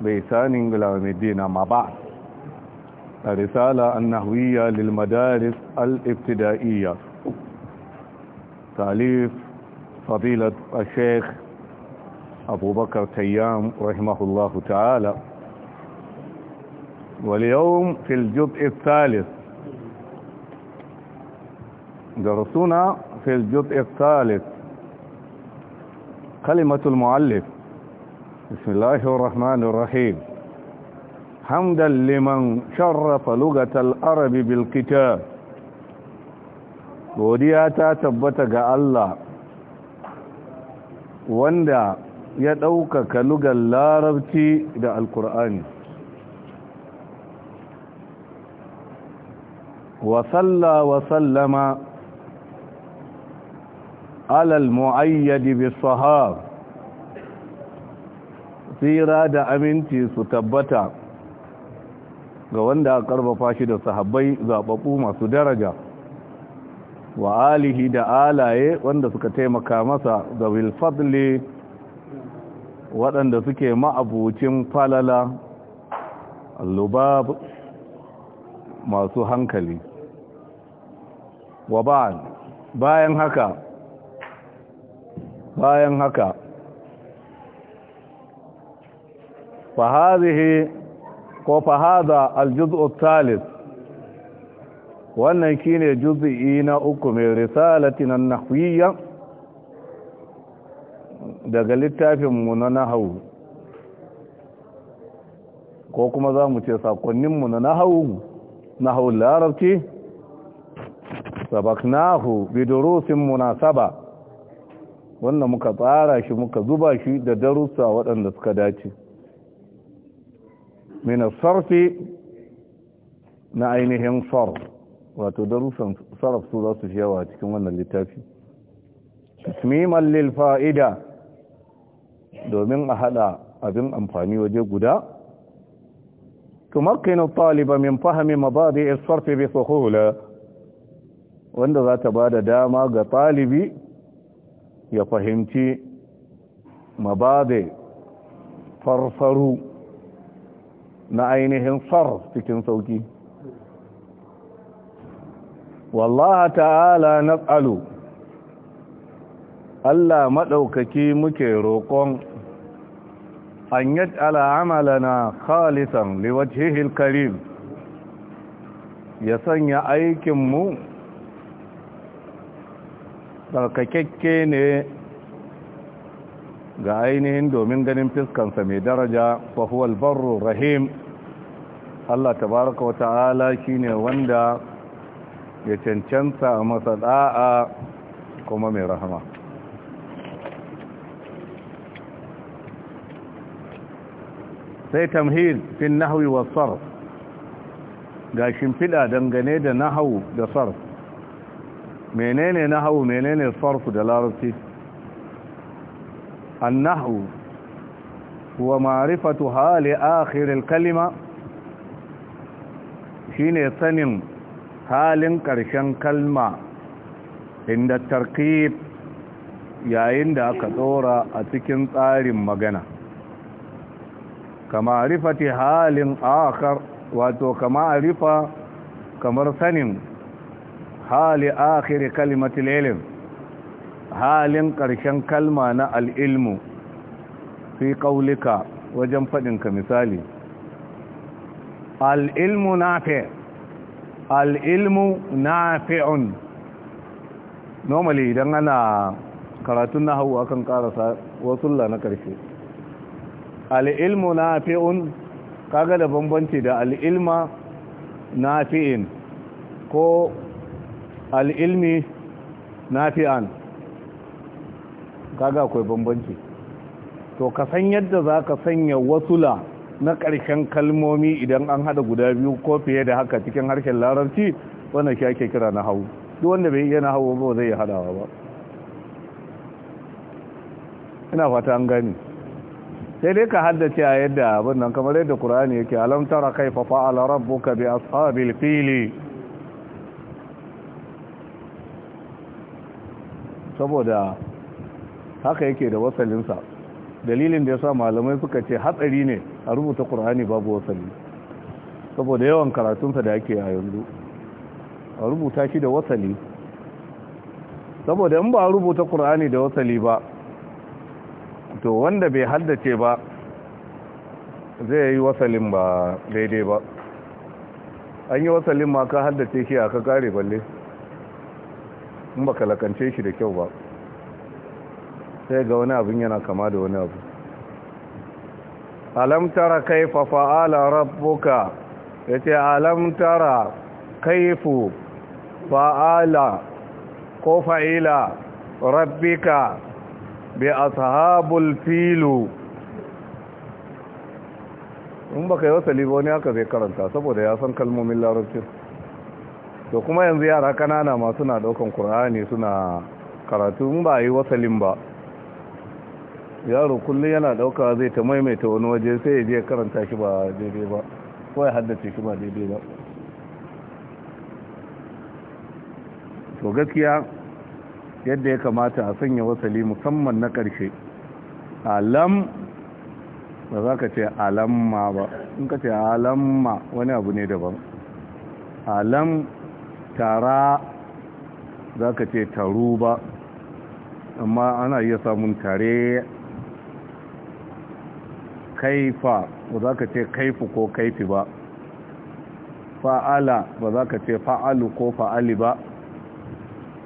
بيسان إلى مدينة مع بعض الرسالة النهوية للمدارس الابتدائية تأليف فضيلة الشيخ أبو بكر تيام رحمه الله تعالى واليوم في الجزء الثالث درسنا في الجزء الثالث كلمة المعلم بسم الله الرحمن الرحيم حمدا لمن شرف لغة العرب godiya ta tabbata ga Allah wanda ya ɗaukaka lugar larabci da alkur'ani wasalla wasallama alal mu'ayyadi bisahab basira da aminci su tabbata ga wanda a karfafa shi da sahabbai zaɓaɓɓu masu daraja wa alihi da alaye wanda suka taimaka masa da wilfadli waɗanda suke ma'abucin falala allubab masu hankali wa bayan haka bayan haka فهذه فهذا الجزء الثالث wannan shine juz'i na uku mai risalatin na nahwiyya daga littafin na nahawu ko kuma za mu ce sakonnin mu na nahawu larabci sabaknahu bidurusin na munasaba wannan muka tsara shi muka zuba shi da darussa waɗanda suka dace min sarfi na ainihin sarf wato darussan sarf su za su yawa cikin wannan littafi tasmiman lil fa'ida domin a haɗa abin amfani waje guda tumakkinu taliba min fahmi mabadi as-sarf bi suhula wanda za ta da dama ga ɗalibi ya fahimci mabadi farfaru na ainihin far cikin sauki wallaha ta'ala nas'alu Allah maɗaukaki muke roƙon an yaj'ala amalana khalisan liwajhihi karim ya sanya aikinmu tsarkakakke ne ga ainihin domin ganin fiskansa mai daraja fahuwal barro rahim Allah tabaraka wa ta'ala ne wanda ya cancanta masa da'a kuma mai rahama sai tamhid fin nahawi wa tsar ga shimfiɗa dangane da nahawu da tsar menene nahawu menene sarf da larabci النحو ومعرفتها لآخر الكلمة شين سنم حال كرشن كلمة عند الترقيب yayin da aka tsora a cikin tsarin magana kama rifati halin akar wato kama rifa kamar sanin hali akhiri kalimatul ilm halin ƙarshen kalma na al'ilmu fi ƙaulika wajen faɗinka misali al'ilmu na fi al'ilmu na fi'un normally idan ana karatun na hau akan ƙarasa la na ƙarshe al'ilmu na fi'un kaga da bambanci da al'ilma na fi'in ko al'ilmi na fi'an kaga akwai bambanci to ka san yadda za ka sanya wasula na ƙarshen kalmomi idan an hada guda biyu ko fiye da haka cikin harshen larabci wannan shi ake kira na hau duk wanda bai iya na hau ba zai hadawa ba ina fata an gani sai dai ka haddace a yadda abin nan kamar yadda ƙur'ani yake alam tara kaifa fa'ala rabbuka bi ashabil fili saboda haka yake da wasalinsa dalilin da ya sa malamai suka ce hatsari ne a rubuta ƙur'ani babu wasali saboda yawan karatunsa da ake a yanzu a rubuta shi da wasali saboda in ba a rubuta ƙur'ani da wasali ba to wanda bai haddace ba zai yi wasalin ba daidai ba an yi wasalin ma ka haddace shi a ka kare balle in ba kalakance shi da kyau ba sai ga wani abin yana kama da wani abu alam tara kaifa fa'ala rabbuka yace alam tara kaifu fa'ala ko fa'ila rabbika bi ashabul filu in baka yi wasali ba wani haka zai karanta saboda ya san kalmomin larabcin to kuma yanzu yara kanana masu suna daukan kur'ani suna karatu in ba yi wasalin ba yaro kullum yana dauka zai ta maimaita wani waje sai ya je karanta shi ba daidai ba ko ya haddace shi ba daidai ba to gaskiya yadda ya kamata a sanya wasali musamman na karshe alam ba za ka ce alamma ba in ka ce alamma wani abu ne daban alam tara za ka ce taru ba amma ana iya samun tare kaifa ba za ka ce kaifu ko kaifi ba fa'ala ba za ka ce fa'alu ko fa'ali ba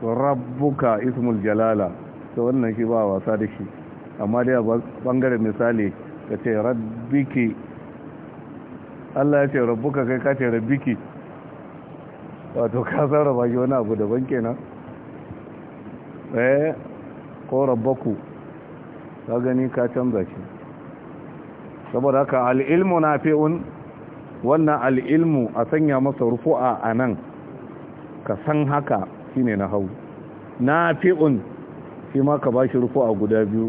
rabbuka ismul jalala ta wannan shi ba wasa da shi amma dai a bangaren misali ka ce rabbiki Allah ya ce rabbuka kai ka ce rabbiki wato ka sarrafa shi wani abu daban kenan eh ko rabbaku ka gani ka canza shi saboda haka al'ilmu na fi'un wannan al'ilmu a sanya masa rufu'a a nan ka san haka shine na hau na fi'un shi ma ka ba shi rufu'a guda biyu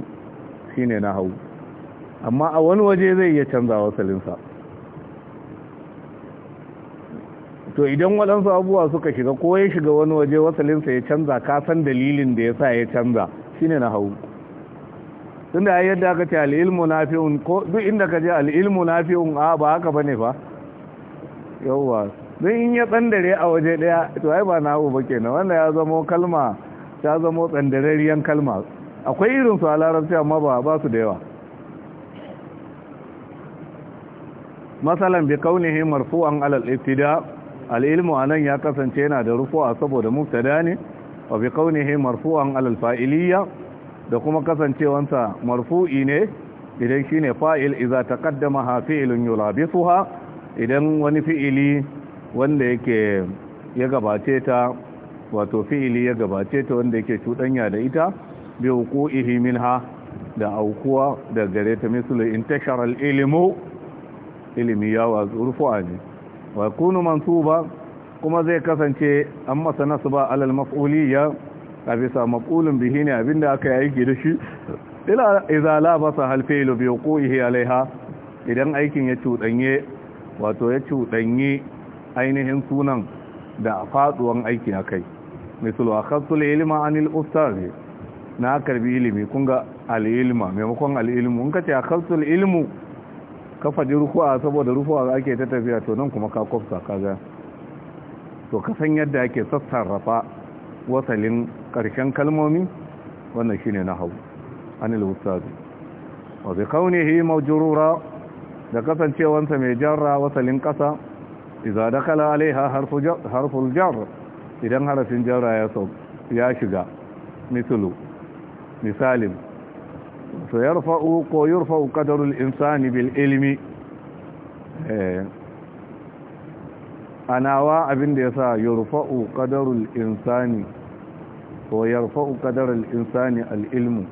shine na hau amma a wani waje zai iya canza wasalinsa to idan waɗansu abubuwa suka shiga ko ya shiga wani waje wasalinsa ya canza ka san dalilin da ya sa ya canza shine na hau Tunda da yadda aka ce al'ilmu nafi'un ko duk inda ka je al'ilmu nafi'un a ba haka ba ne ba yauwa don in ya tsandare a waje daya to ai ba na'u ba kenan wanda ya zamo kalma ta zamo tsandararriyar kalma akwai irin su a larabci amma ba ba su da yawa masalan bi kaunihi marfu'an alal ibtida al'ilmu anan ya kasance yana da rufu'a saboda mubtada ne wa bi kaunihi marfu'an alal fa'iliyya da kuma kasancewansa marfu'i ne idan shine fa'il idza taqaddama fi'lun yulabisuha idan wani fi'ili wanda yake ya gabace ta wato fi'ili ya gabace ta wanda yake cudanya da ita bi huquqihi minha da aukuwa da gare ta in intashara al-ilmu ilmi ya wa zurfa ne wa kunu mansuba kuma zai kasance an masa nasba alal maf'uliyya a bisa maqulun bihi ne abinda aka yi aiki da shi ila idza labasa hal fi'lu bi wuquihi alaiha idan aikin ya cudanye wato ya cudanye ainihin sunan da aiki na kai misal wa khasul ilma anil ustaz na karbi ilimi kun ga al-ilma maimakon al-ilmu in kace khasul ilmu ka faɗi rufuwa saboda rufuwa ake ta tafiya to nan kuma ka ka ga to ka san yadda ake sassarrafa wasalin ƙarshen kalmomi wannan shi ne na hau anil ustaz wa bi hi maujurura da kasancewansa mai jarra wasalin ƙasa da kala alaiha harful jar idan harafin jarra ya ya shiga mislu misalin insani bil قدر الإنسان بالعلم abinda ya sa ديسا يرفع ƙadarul insani ويرفع قدر الإنسان العلم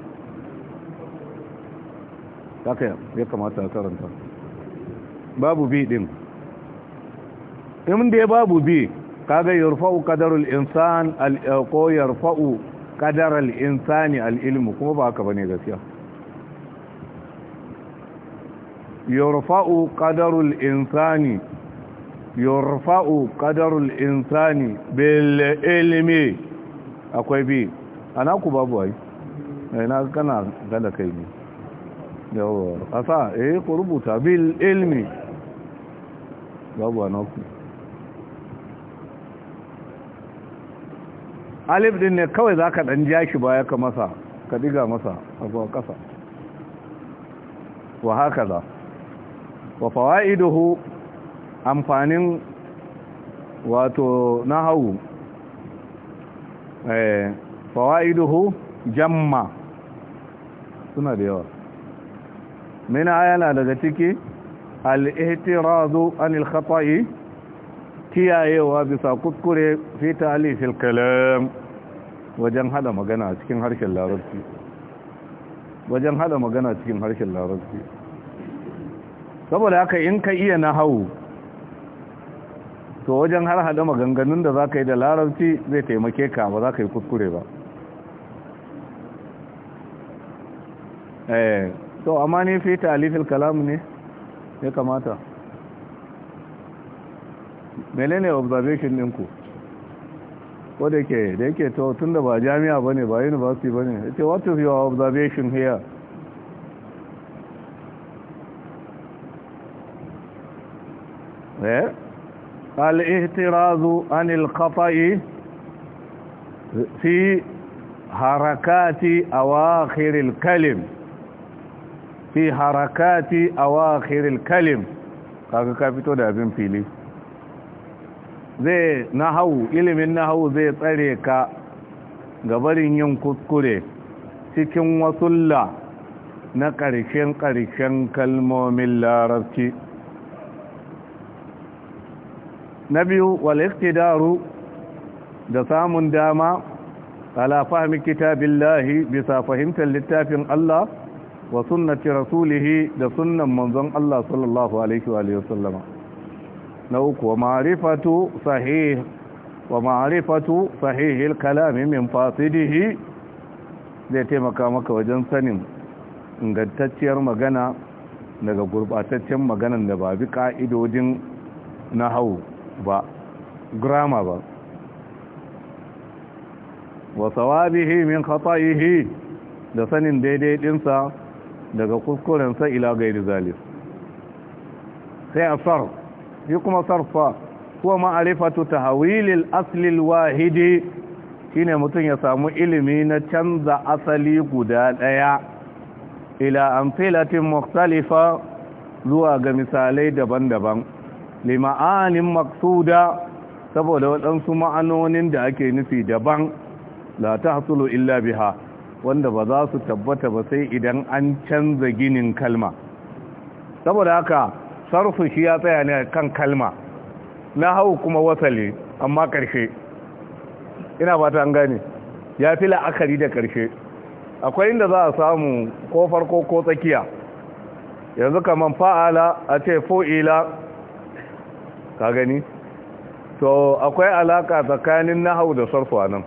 لكن يكما تأثير انت باب بي دين يمن دي باب بي كاغا يرفع قدر الإنسان ويرفع قدر الإنسان العلم كما باكا بني غسيا يرفع قدر الإنسان يرفع قدر الإنسان بالعلمي akwai bi a naku babu ai eh, na kana gada kai ne yawon ƙasa eh ku rubuta bil ilmi babu a naku alif din ne kawai za ka ɗan jashi baya ka masa ka diga masa a zuwa ƙasa wa haka za wa fawa'iduhu amfanin wato na hau Eh, fawa'iduhu jamma suna da yawa mina yana daga ciki al-ihtirazu anil khata'i kiyayewa bisa kuskure fi ta'alifil kalam wajen hada magana cikin harshen larabci wajen hada magana cikin harshen larabci saboda haka in ka iya nahawu to wajen har hada maganganun da za ka yi da larabci zai taimake ka ba za ka yi kuskure ba eh to amma ne fi talifin kalam ne ya kamata ne observation ɗinku ko da ke da yake to tun da ba jami'a ba ne ba university ba ne ita ce what is your observation here eh الاهتراز عن الخطأ في حركات أواخر الكلم في حركات أواخر الكلم kaga ka fito da abin fili zai nahau ilimin nahau zai tsare ka ga barin yin kuskure cikin wasulla na ƙarshen ƙarshen kalmomin larabci na biyu walistidaru da samun dama ala fahmi kitabillahi bisa fahimtar littafin Allah wa sunnati rasulihi da sunnan manzon Allah sallallahu alaihi wa sallama na uku wa ma'rifatu sahih wa sahihil kalami min fasidihi zai taimaka maka wajen sanin ingantacciyar magana daga gurbataccen maganan da babi bi na nahawu ba grama ba wa sawabihi min khata'ihi da sanin daidai dinsa daga kuskurensa ila gairi zalis sai a sarf shi kuma sarfa kuwa ma'arifatu tahawilil aslil wahidi shine mutum ya samu ilimi na canza asali guda daya ila amfilatin mukhtalifa zuwa ga misalai daban-daban lima'anin maksuda saboda waɗansu ma'anonin da ake nufi daban la ta hasulu illa biha wanda ba za su tabbata ba sai idan an canza ginin kalma saboda haka sarfu shi ya tsaya ne kan kalma na hau kuma wasali, amma ƙarshe ina ba ta gane ya fi la'akari da ƙarshe akwai inda za a samu ko farko ko tsakiya yanzu kamar fa'ala a ce fo'ila ka gani to akwai alaka tsakanin nahau da sarfu anan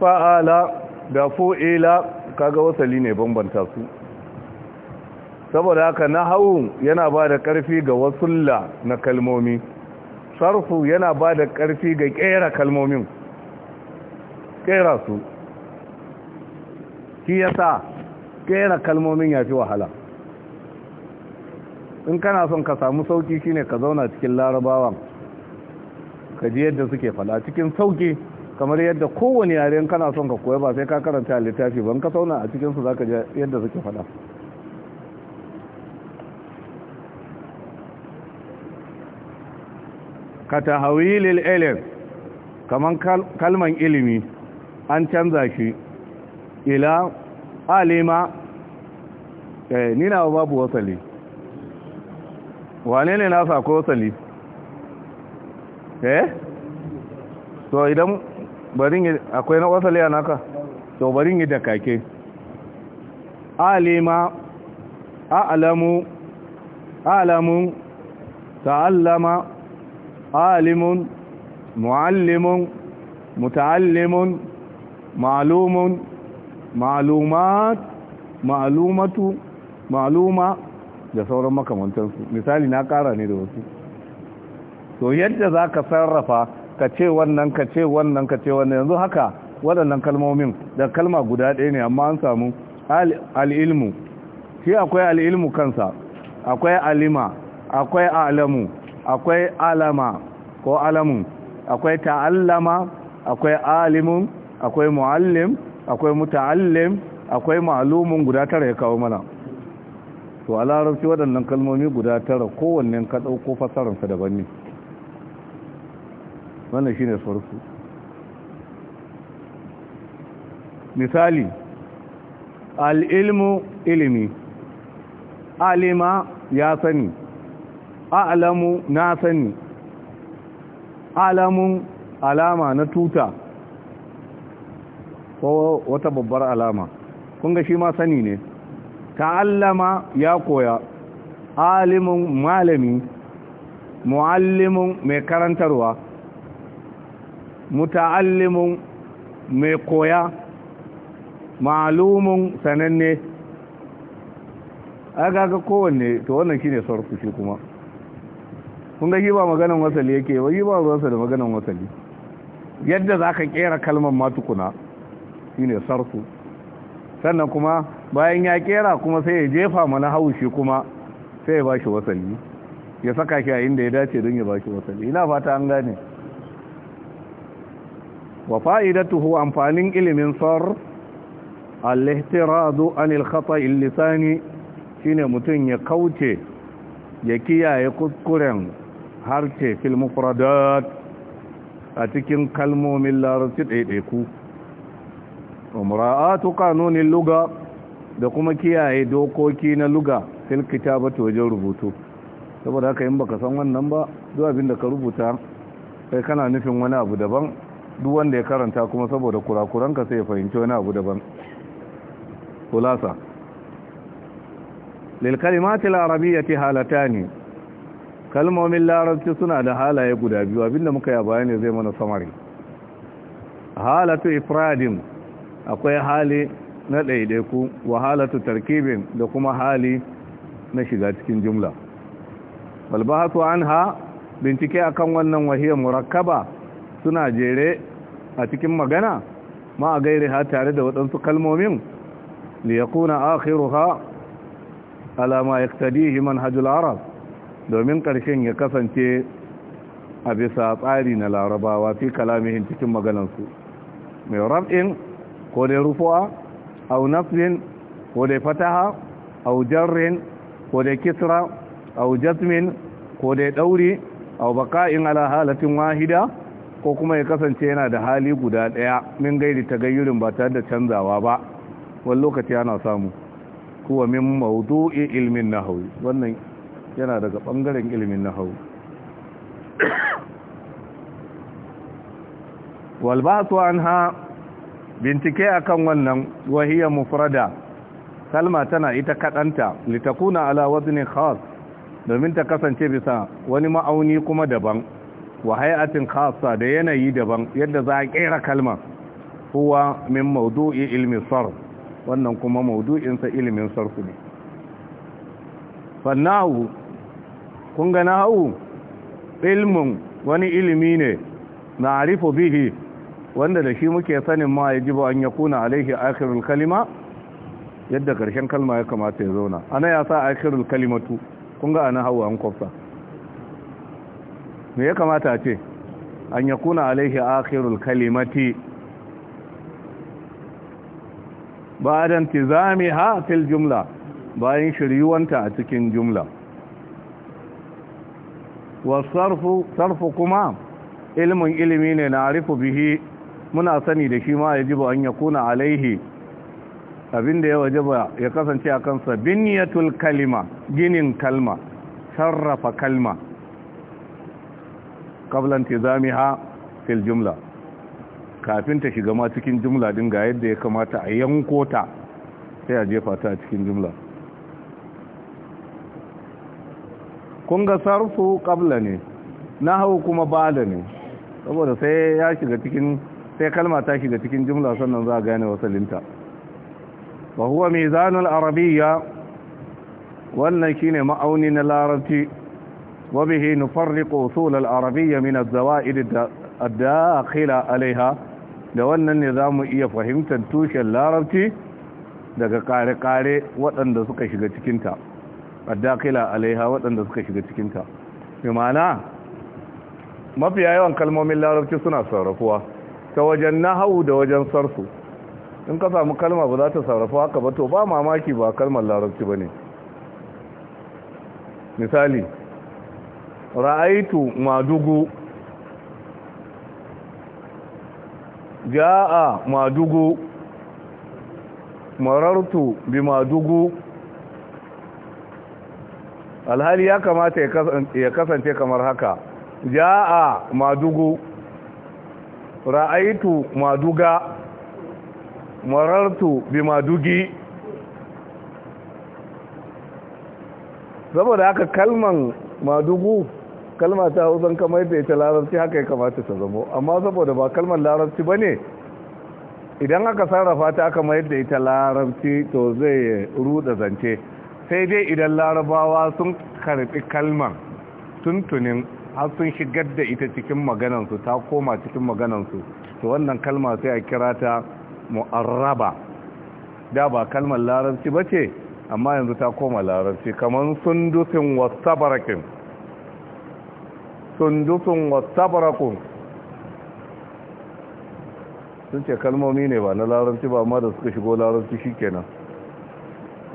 fa'ala da fu'ila kaga wasali ne bambanta su saboda haka nahau yana ba da ƙarfi ga wasulla na kalmomi sarfu yana ba da ƙarfi ga ƙera kalmomin ƙera su shi yasa ƙera kalmomin ya fi wahala in kana son ka samu sauki shine ka zauna cikin larabawan ka ji yadda suke fada cikin sauki kamar yadda kowane yare kana son ka koya ba sai ka karanta littafi ban ka zauna a cikinsu za ka ji yadda suke fada ka tahawilil kaman kalman ilimi an canza shi ila alima eh babu wasali wane ne na ko sali eh to idan barin akwai na wasali a naka to barin yi kake alima a'lamu a'lamun ta'allama alimun mu'allimun muta'allimun ma'lumun ma'lumat ma'lumatu ma'luma da sauran makamantansu misali na kara ne da wasu to yadda za ka sarrafa ka ce wannan ka ce wannan ka ce wannan yanzu haka waɗannan kalmomin da kalma guda ɗaya ne amma an samu al'ilmu shi akwai al'ilmu kansa akwai alima akwai alamu akwai alama ko alamun akwai ta'allama akwai alimun akwai muallim akwai muta'allim akwai ma'alumun guda tara ya kawo mana to a larabci waɗannan kalmomi guda tara kowanne ka ɗauko fasararsa daban ne wannan shi ne sarsu misali al'ilmu ilimi alima ya sani a'lamu na sani alamun alama na tuta ko wata babbar alama kun shi ma sani ne ta'allama ya koya alimun malami muallimin mai karantarwa muta'allimin mai koya malumin sananne aka ga kowanne to wannan shine sarfu shi kuma kun ga ba maganan wasali yake ba ba ruwansa da maganan wasali yadda za ka kera kalmar matukuna shine sarfu sannan kuma bayan ya kera kuma sai ya jefa mana haushi kuma sai ya ba shi wasanni ya saka shi a inda ya dace don ya ba shi wasanni ina fata an gane wa fa'idatuhu amfanin ilimin sar al-ihtiradu anil khata'i lisani shine mutum ya kauce ya kiyaye kuskuren harce fil mufradat a cikin kalmomin larabci ɗaiɗaiku umra'atu kanunin lugha da kuma kiyaye dokoki na lugha fil kitabati wajen rubutu saboda haka in baka san wannan ba duk abin da ka rubuta kai kana nufin wani abu daban duk wanda ya karanta kuma saboda kurakuranka sai ya fahimci wani abu daban kulasa lil kalimati al arabiyyati halatani kalmomin larabci suna da halaye guda biyu abinda muka yi bayani zai mana samari halatu ifradin akwai hali na ɗaiɗaiku wa halatu tarkibin da kuma hali na shiga cikin jumla balbahatu anha bincike a kan wannan wahiyar murakkaba suna jere a cikin magana ma a gairi ha tare da waɗansu kalmomin liyakuna ha alama himan manhajul arab domin ƙarshen ya kasance a bisa tsari na larabawa fi kalamihin cikin maganansu mai rab'in ko dai rufuwa au nasbin ko dai fataha au jarrin ko dai kisra au jazmin ko dai ɗauri, au baka'in ala halatin wahida ko kuma ya kasance yana da hali guda ɗaya. min gairi tagayyurin ba tare da canzawa ba wani lokaci ana samu kuwa min mawdu'i ilmin nahwi wannan yana daga bangaren ilmin nahwi wal ba'su anha bincike akan wannan wahiyar mufrada kalma tana ita kadanta litakuna ala wazni khas domin ta kasance bisa wani ma'auni kuma daban wa hay'atin khassa da yanayi daban yadda za a kera kalma huwa min mawdu'i ilmi sarf wannan kuma mawdu'in sa ilmin sarf ne fannahu kun ga nahu ilmun wani ilimi ne na'rifu bihi wanda da shi muke sanin ma ya jibo an ya kuna alaihi akhirul kalima yadda karshen kalma ya kamata ya zauna ana ya sa akhirul kalimatu kun ga ana hawa an kwafsa me ya kamata a ce an ya kuna alaihi akhirul kalimati ba'adan ha fil jumla bayan shiryuwanta a cikin jumla wasarfu sarfu kuma ilmin ilimi ne na arifu bihi muna sani da shi ma ya jiba an ya kuna alaihi abinda ya wajaba ya kasance a kansa biniyatul kalima ginin kalma sarrafa kalma kablan ha fil jumla kafin ta shiga ma cikin jumla din ga yadda ya kamata a yankota ta sai a jefa ta cikin jumla kun ga sarfu kabla ne na hau kuma bada ne saboda sai ya shiga cikin sai kalma ta shiga cikin jumla sannan za a gane wasalinta Ba huwa mizanul Arabiya. wannan shine ma'auni na larabci wa bihi nufarriqu usul arabiya arabiyya min al zawaid al dakhila alaiha da wannan ne zamu iya fahimtar tushen larabci daga kare-kare waɗanda suka shiga cikinta Adda, dakila alaiha waɗanda suka shiga cikinta mai mana mafiya yawan kalmomin larabci suna sarrafuwa ta wajen nahawu da wajen Sarsu. in ka samu kalma ba za ta sarrafa haka ba to ba mamaki ba kalmar larabci ba ne misali ra'aitu madugu ja'a madugu marartu bi madugu alhali ya kamata ya kasance kamar haka ja'a madugu ra'aitu maduga marartu bi madugi saboda haka kalman madugu kalma ta hausan kamar da ita larabci haka ya kamata ta zamo amma saboda ba kalmar larabci ba ne idan aka sarrafa ta aka mayar da ita larabci to zai ruda zance sai dai idan larabawa sun karbi kalmar tuntunin har sun shigar da ita cikin maganansu ta koma cikin maganansu to wannan kalma sai a kira ta mu'arraba da ba kalmar larabci ba ce amma yanzu ta koma larabci kamar sundusin wasabarakin sundusin wasabarakun sun ce kalmomi ne ba na larabci ba amma da suka shigo larabci shi kenan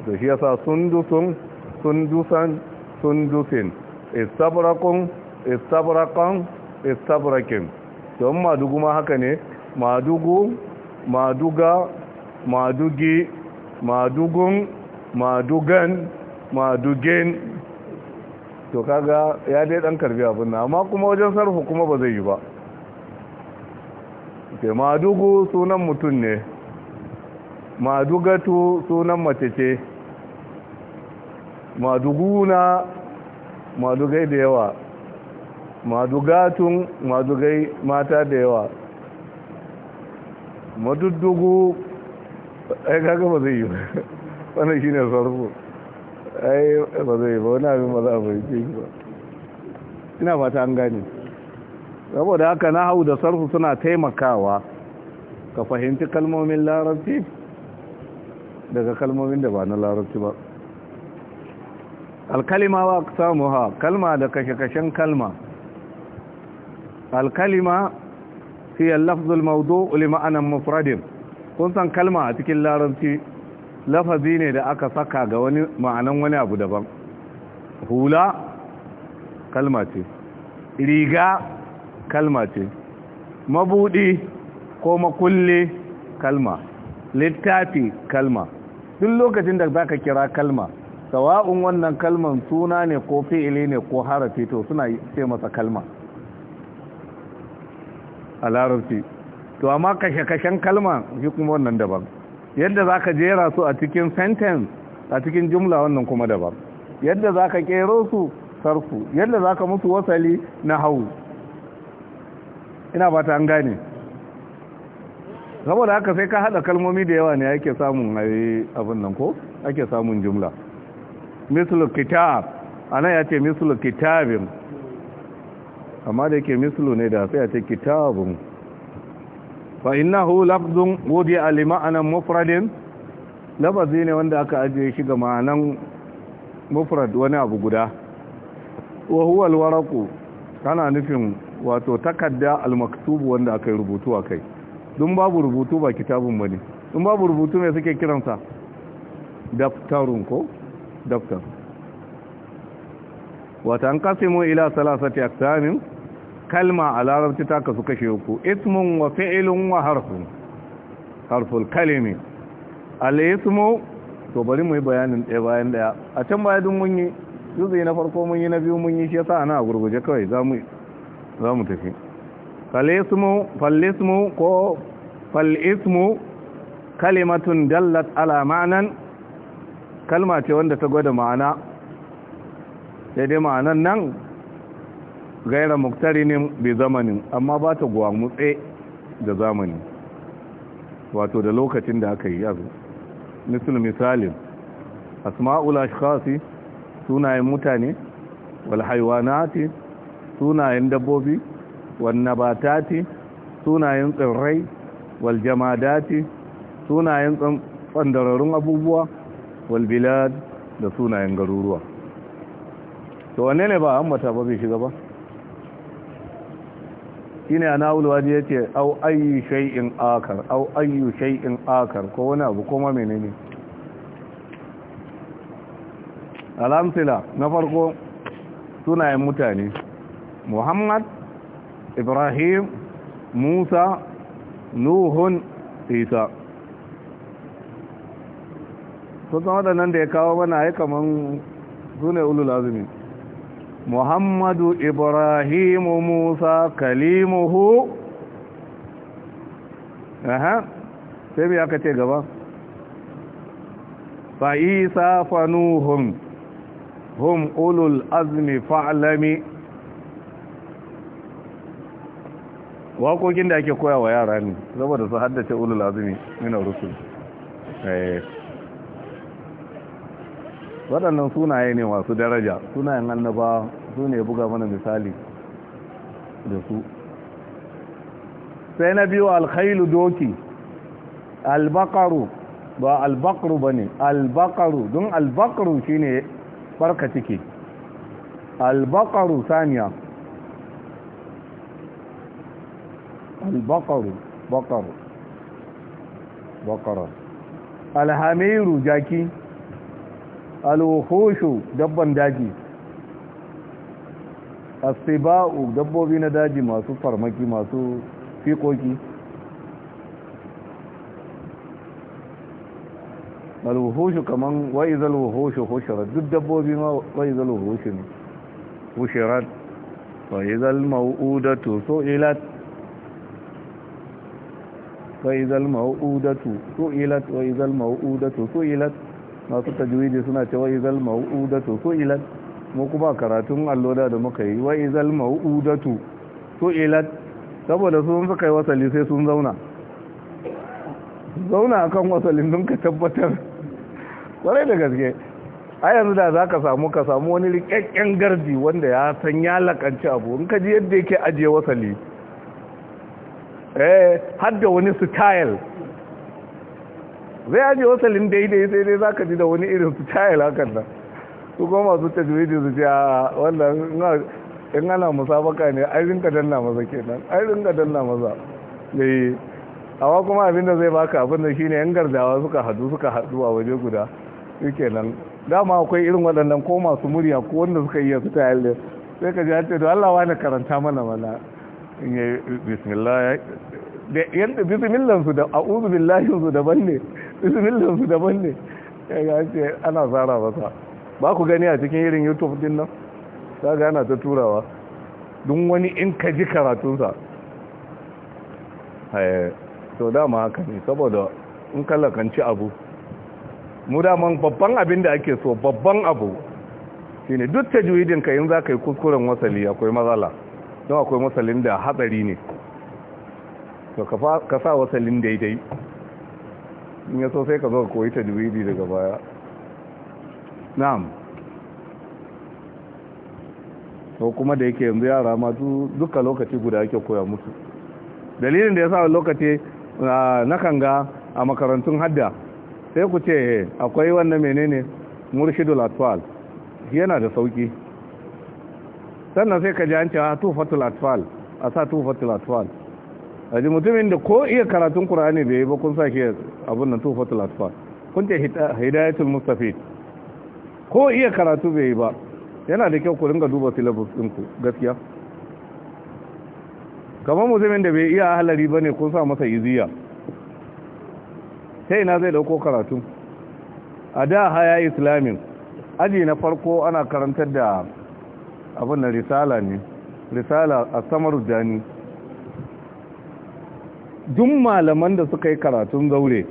da shi yasa sundusun sundusan sundusin isabrakun Istabrakan istabrakin. don madugu ma haka ne madugu maduga madugi madugun madugan madugen to kaga ya dai dan karbi abin nan amma kuma wajen sarfu kuma ba zai yi ba ke madugu sunan mutum ne madugatu sunan mace ce maduguna madugai da yawa madugatun madugai mata da yawa maduddugu ai kaga ba zai yi wannan shine sarfu ai ba zai yi ba wani abin ba za a fahimce shi ba ina fata an gane saboda haka na hau da sarfu suna taimakawa ka fahimci kalmomin larabci daga kalmomin da ba na larabci ba alkalima samuwa samuha kalma da kashe-kashen kalma alkalima fi lafzul mawdu li ma'anan mufradin kun san kalma a cikin larabci lafazi ne da aka saka ga wani ma'anan wani abu daban hula kalma ce riga kalma ce mabudi ko makulle kalma littafi kalma duk lokacin da zaka kira kalma sawa'un wannan kalman suna ne ko fi'ili ne ko harafi suna ce masa kalma a larabci to amma kashe-kashen kalma shi kuma wannan daban yadda za ka jera su a cikin sentence a cikin jumla wannan kuma daban yadda za ka kero su sarfu yadda za ka musu wasali na hau ina ba ta an gane saboda haka sai ka haɗa kalmomi da yawa ne ake samun abin nan ko ake samun jumla mislu kitab ana ya ce mislu kitabin amma da yake mislu ne da sai a ce kitabun fa innahu lafzun wudi li ma'anan mufradin lafazi ne wanda aka ajiye shi ga ma'anan mufrad wani abu guda wa huwa alwaraqu kana nufin wato takadda almaktub wanda aka rubutu akai dun babu rubutu ba kitabun bane dun babu rubutu me suke kiransa daftarun ko daftarun wata an kasimu ila salasati aksamin kalma a larabci ta kasu kashe uku ismun wa fi'ilun wa harfun harful kalimi al to bari mu yi bayanin ɗaya bayan ɗaya a can baya dun mun yi juzi na farko mun yi na biyu mun yi shi yasa ana gurguje kawai za mu tafi falismu falismu ko falismu kalimatun dallat ala ma'anan kalma ce wanda ta gwada ma'ana sai dai ma'anan nan gaira muktari ne bai zamanin amma ba ta mutse da zamani wato da lokacin da aka yi yazo misal misalin asma'ul ashkhasi sunayen mutane wal haywanati sunayen dabbobi wan nabatati sunayen tsirrai wal jamadati sunayen tsandararrun abubuwa wal bilad da sunayen garuruwa to wanne ne ba ambata ba bai shiga ba ne ana ulwaji yake au ayyu shay'in akar au ayyu shay'in akar ko wani abu ko ma menene alamtila na farko sunayen mutane muhammad ibrahim musa nuhun isa sun san waɗannan da ya kawo mana ya kamar su ne ulul muhammadu ibrahimu musa kalimuhu aha sai aka ce gaba fa'isa fanuhun hum ulul azmi fa'alami waƙoƙin da ake koya wa yara ne saboda su haddace ulul azmi nuna rusul eh. waɗannan sunaye ne masu daraja sunayen annaba su ne buga mana misali da su sai na biyu alkhailu doki albakaru ba albakaru ba ne albakaru don albakaru shi ne ciki albakaru saniya albakaru bakaru bakaru alhamiru jaki alwuhushu dabban daji asiba'u dabbobi na daji masu farmaki masu fikoki alwuhushu kaman wa'izal wuhushu hushirar duk dabbobi ma wa'izal wuhushu ne hushirar wa'izal ma'udatu so ilat wa'izal ma'udatu so ilat wa'izal ma'udatu so ilat masu tajwidi suna ce wai ma'udatu su ilan mu kuma karatun alloda da muka yi wai izal ma'udatu su ilan saboda sun suka yi wasali sai sun zauna zauna akan wasalin don ka tabbatar kwarai da gaske a yanzu da za ka samu ka samu wani rikakken garji wanda ya san ya lakanci abu in ka ji yadda yake ajiye wasali eh har da wani style zai aji wasalin daidai sai dai zaka ji da wani irin su tayil hakan nan su kuma masu tajwidi su ce a wannan in ana musabaka ne ai rinka danna maza kenan ai rinka danna maza dai eh, amma kuma abin da zai baka abin da shine yan gardawa suka hadu suka hadu a waje guda shikenan dama akwai irin waɗannan ko masu murya ko wanda suka iya su tayil din sai ka ji ce to Allah wani karanta mana mana in yi bismillah da yanda bismillah su da a'udhu billahi su daban ne bismillah su daban ne ya ce ana tsara masa ba ku gani a cikin irin youtube din nan za ga ana ta turawa don wani in ka ji karatunsa eh, to dama haka ne saboda in kallakanci abu mu daman babban abin da ake so babban abu shine duk tajwidin ka yin za ka yi kuskuren wasali akwai matsala don akwai wasalin da hatsari ne to ka sa wasalin daidai in ya so sai ka zo koyi dubidi daga baya na'am ko kuma da yake yanzu yara ma duka lokaci guda yake koya musu dalilin da ya sa lokaci na kanga a makarantun hadda sai ku ce eh, akwai wannan menene murshidul atfal yana da sauki sannan sai ka ji an ce ah, tufatul atfal a sa tufatul atfal aji mutumin da ko iya karatun qur'ani bai ba kun sake abun nan tufa asfar kun ce hidayatul mustafid ko iya karatu bai ba yana da kyau ku ringa duba syllabus ɗinku gaskiya kamar mutumin da bai iya halari ba ne kun sa masa iziya sai na zai dauko karatu a da haya islamin aji na farko ana karantar da abin da risala ne risala a samar duk malaman da suka yi karatun zaure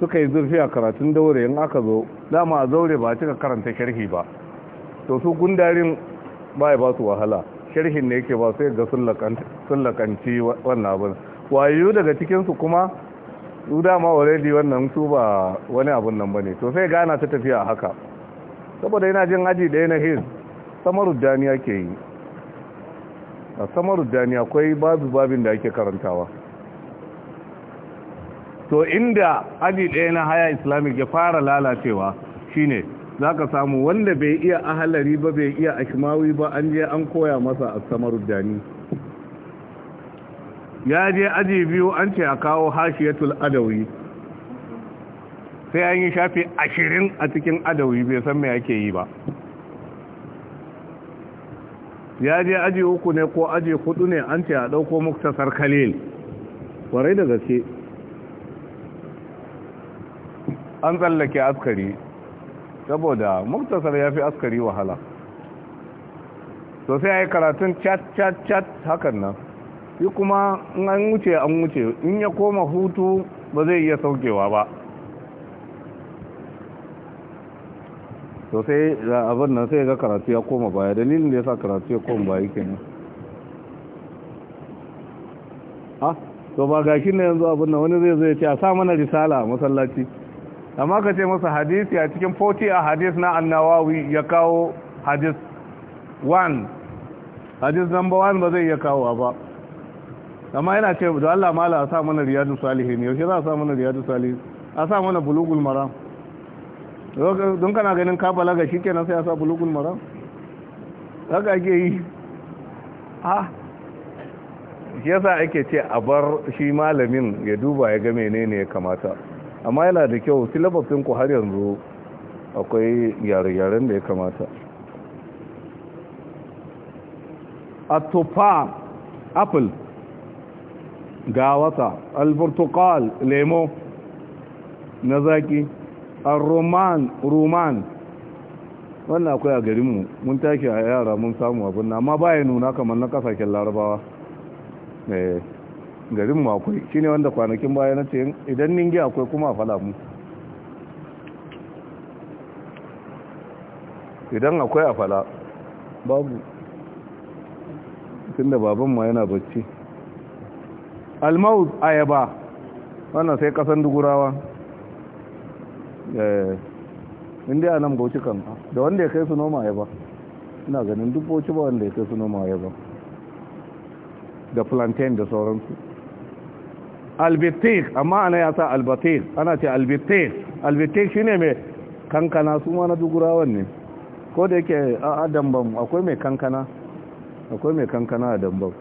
suka yi zurfi a karatun daure in aka zo dama a zaure ba cika karanta sharhi ba to su gundarin ya ba su wahala sharhin ne yake ba sai ga lakanci wannan abin wayo daga cikinsu kuma su dama already wannan su ba wani abin nan ba ne to sai gana ta tafiya haka saboda yana jin aji ɗaya na hiz samarud daniya ke yi a samar daniya akwai babu babin da ake karantawa to inda aji ɗaya na haya islamic ya fara lalacewa shine za ka samu wanda bai iya ahalari ba bai iya ashimawi ba an je an koya masa a samar samaruddani ya je aji biyu an ce a kawo hashiyatul adawi sai an yi shafi ashirin a cikin adawi bai san mai ake yi ba ya je aji uku ne ko aji hudu ne an ce a ɗauko muktasar khalil warai da gaske an tsallake askari saboda muktasar ya fi askari wahala sosai ya yi karatun chat chat chat hakan nan shi kuma an wuce an wuce in ya koma hutu ba zai iya saukewa ba sosai da abin nan sai ga karatu ya koma baya dalilin da ya sa karatu ya koma baya nan. ha ah, to ba gashi na yanzu abin nan wani zai zai ce a sa mana risala a masallaci amma ka ce masa hadisi a cikin 40 a hadis na annawawi ya kawo hadis 1 hadis number 1 ba zai iya kawo ba amma yana ce da Allah mala a sa mana riyadu salihin yaushe za a sa mana riyadu salihin a sa mana bulugul mara don kana ganin ka balaga shi kenan sai a sa bulugul maram haka ake yi ha yasa ake ce a bar shi malamin ya duba ya ga menene ya kamata amma yana da kyau syllabus ku har yanzu akwai gyare-gyaren da ya kamata a tufa apple ga wata lemo na zaki roman roman wannan akwai a garinmu mun tashi a yara mun samu abin amma baya nuna kamar na kasashen larabawa eh. garin mu akwai ne wanda kwanakin baya na ce idan ningi akwai kuma a mu idan akwai a fala babu da baban ma yana bacci almauz ayaba wannan sai kasan dugurawa eh, inda a nan bauchi kan da wanda ya kai su noma ayaba ina ganin duk bauchi ba wanda ya kai su noma ayaba da plantain da sauransu albitik amma ana ya sa albatik ana ce albitik albitik shine mai kankana su ma na dugurawan ne ko da yake a dambam akwai mai kankana akwai mai kankana a dambam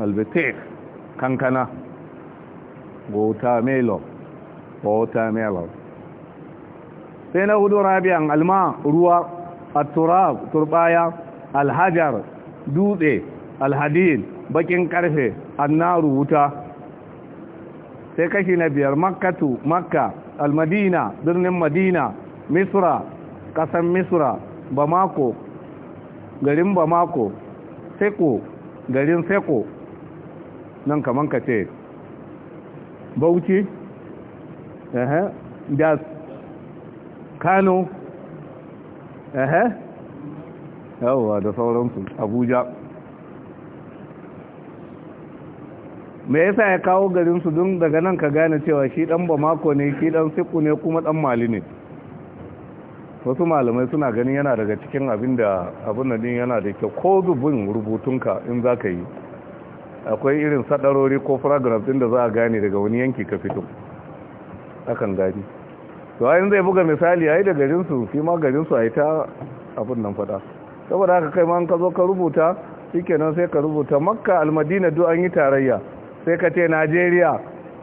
albitik kankana watermelon watermelon sai na hudu rabi'an alma ruwa atturab turbaya alhajar dutse alhadin, bakin karfe annaru wuta sai kashi na biyar makkatu makka almadina birnin madina misra kasan misra bamako garin bamako seko garin seko nan kaman ka ce bauchi da kano yawa da sauransu abuja me yasa ya kawo garin su don daga nan ka gane cewa shi dan mako ne shi dan siku ne kuma dan mali ne wasu malamai suna ganin yana daga cikin abin da abin da din yana da kyau ko dubin rubutunka in za ka yi akwai irin sadarori ko paragraph din da za a gane daga wani yanki ka fito akan gani to ayin zai buga misali ai da garin su shi ma garin su ai ta abin nan fada saboda haka kai ma an ka zo ka rubuta shikenan sai ka rubuta makka almadina duk an yi tarayya sai ka ce najeriya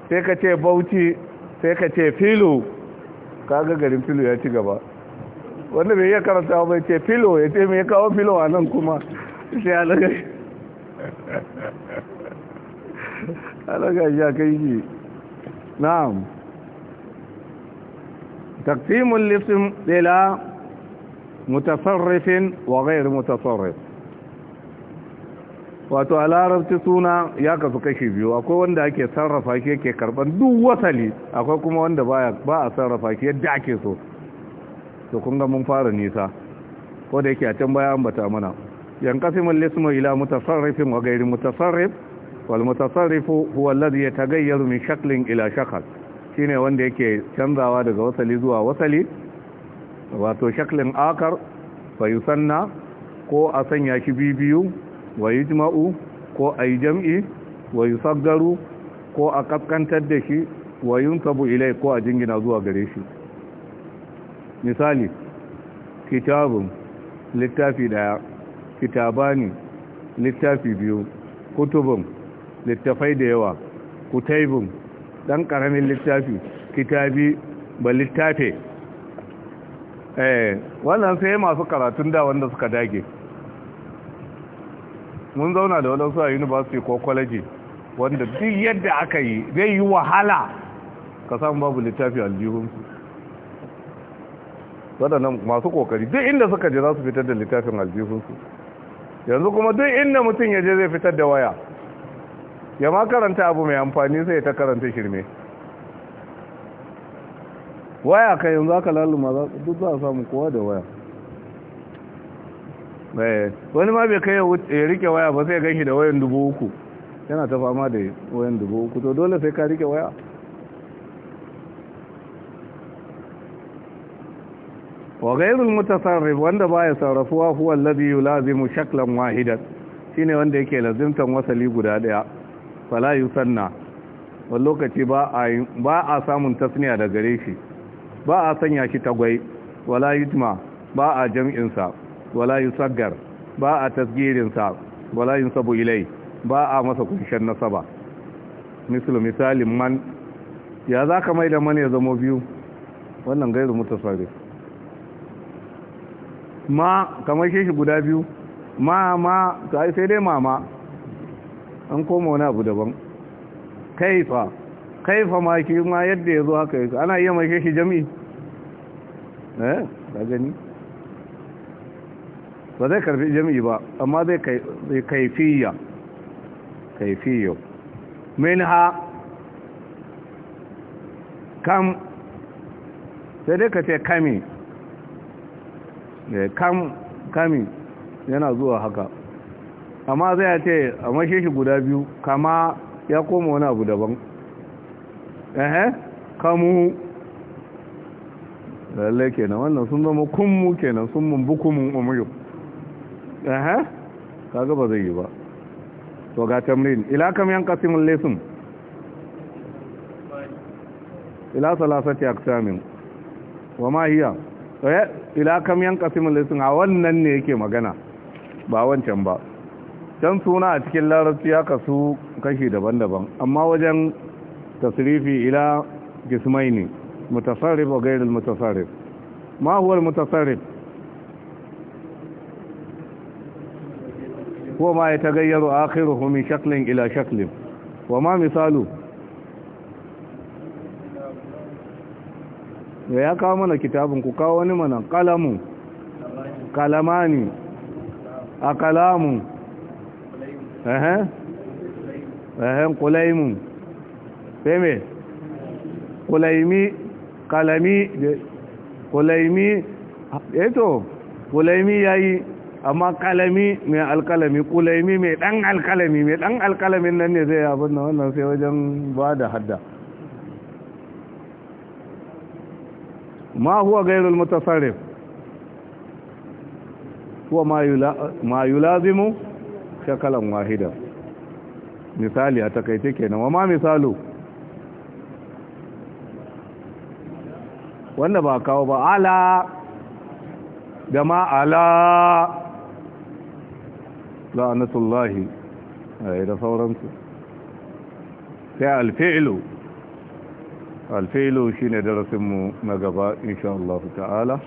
sai ka ce bauchi sai ka ce filo kaga garin filo ya ci gaba wanda bai iya karanta bai ce filo ya ce mai kawo filo a nan kuma sai a alagai ya kai shi na'am تقسيم ɗela mutasarrafin wa gairi mutasarrafin wato a larabci suna ya kasu kashi biyu akwai wanda ake sarrafa shi yake karban duk wasali akwai kuma wanda ba a sarrafa shi yadda ake so to kun ga mun fara nisa ko da yake a can baya an bata mana yan kasimin lismu ila mutasarrifin wa gairi mutasarrif wal mutasarrifu huwa alladhi yataghayyaru min shaklin ila shakal shine wanda yake canzawa daga wasali zuwa wasali wato shaklin akar fa yusanna ko a sanya shi bibiyu wa jima'u, ko a jam'i wa yi ko a kaskantar da shi wa tabu ilai ko a jingina zuwa gare shi misali kitabun littafi daya kitabani littafi biyu kutubun littafai da yawa kutaibun dan karamin littafi kitabi ba littafe eh wannan sai masu karatun da wanda suka dage mun zauna da wadansu a university ko college wanda duk yadda aka yi zai yi wahala ka samu babu littafi aljihunsu waɗannan masu ƙoƙari duk inda suka je za su fitar da littafin aljihunsu yanzu kuma duk inda mutum ya je zai fitar da waya ya ma karanta abu mai amfani sai ta karanta shirme waya ka yanzu aka laluma duk za a samu kowa da waya Eh, wani ma bai kai ya rike waya ba sai gan shi da wayan dubu uku yana ta fama da wayan dubu uku to dole sai ka rike waya wa gairul mutasarrif wanda baya sarrafuwa huwa alladhi yulazimu shaklan wahidan shine wanda yake lazimtan wasali guda daya fala yusanna wani lokaci ba a samun tasniya da gare shi ba a sanya shi tagwai wala yutma ba a jam'insa wala yusaggar ba a tasgirin sa wala yunsabu ilai ba a masa kunshen nasaba misali misalin man ya zaka mai da man ya zama biyu wannan gairu mutasarrif ma kamar shi guda biyu ma ma sai dai mama an koma wani abu daban kaifa kaifa ma ki ma yadda ya zo haka ana iya mai shi jami'i eh ka gani ba zai karfi jami'i ba amma zai kaifiyya kaifiyyo min ha kam sai dai ka ce kami eh, kam kami yana zuwa haka amma zai ya ce a mashe shi guda biyu kama ya koma wani abu daban ehe kamu lalle kenan wannan sun zama kunmu kenan sun mun kunmu umaru aha kaga ba zai yi ba to ga tamrin ila kam yanqasimul lesun. ila salasati wa ma hiya eh, ila kam yanqasimul lesun a wannan ne yake magana ba wancan ba can suna a cikin larabci ya kasu kashi daban-daban amma wajen tasrifi ila gismaini mutasarif wa gairul mutasarif ma huwa mutasarif وما akhiruhu min shaklin ila shaklin wa ma misalu ya kawo mana kitabin ku kawo wani mana kalamu kalamani a kalamu ehen ehen kulaimu sai me kulaimi kalami kulaimi eto eh kulaimi yayi amma kalami mai alkalami kulaimi mai dan alkalami mai dan alkalamin nan ne zai abin da wannan sai wajen ba da hadda ma huwa gairul mutasarrif huwa ma yulazimu shakalan wahida misali a takaice kenan wa ma misalu wanda ba kawo ba ala da ma ala la'anatullahi ai da sauransu sai alfi'ilu alfi'ilu shine darasinmu na gaba insha Allah ta'ala